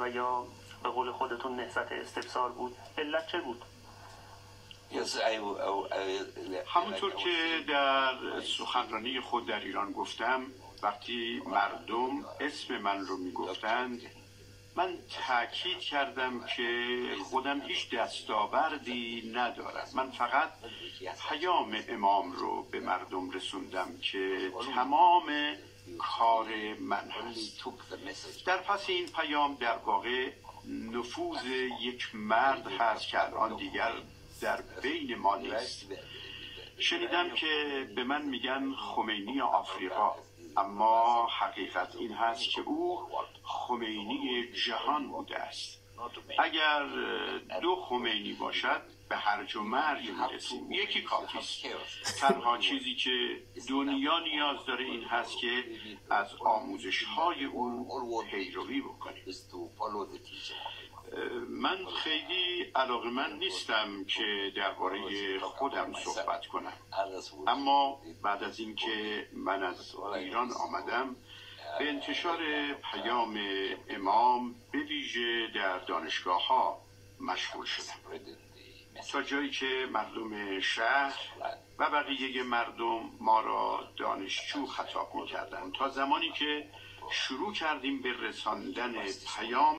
و یا به قول خودتون نهزت استفسار بود علت چه بود؟ همونطور که در سخنرانی خود در ایران گفتم وقتی مردم اسم من رو میگفتند من تاکید کردم که خودم هیچ دستاوردی ندارم من فقط پیام امام رو به مردم رسوندم که تمام کار من هست در پس این پیام در واقع نفوذ یک مرد هست که الان دیگر در بین ما نیست شنیدم که به من میگن خمینی آفریقا اما حقیقت این هست که او خمینی جهان بوده است اگر دو خمینی باشد به هر و مرگ میرسیم یکی کافیست تنها چیزی که دنیا نیاز داره این هست که از آموزش های اون پیروی بکنیم من خیلی علاقه من نیستم که درباره خودم صحبت کنم اما بعد از اینکه من از ایران آمدم به انتشار پیام امام به ویژه در دانشگاه ها مشغول شدم تا جایی که مردم شهر و بقیه مردم ما را دانشجو خطاب می کردن. تا زمانی که شروع کردیم به رساندن پیام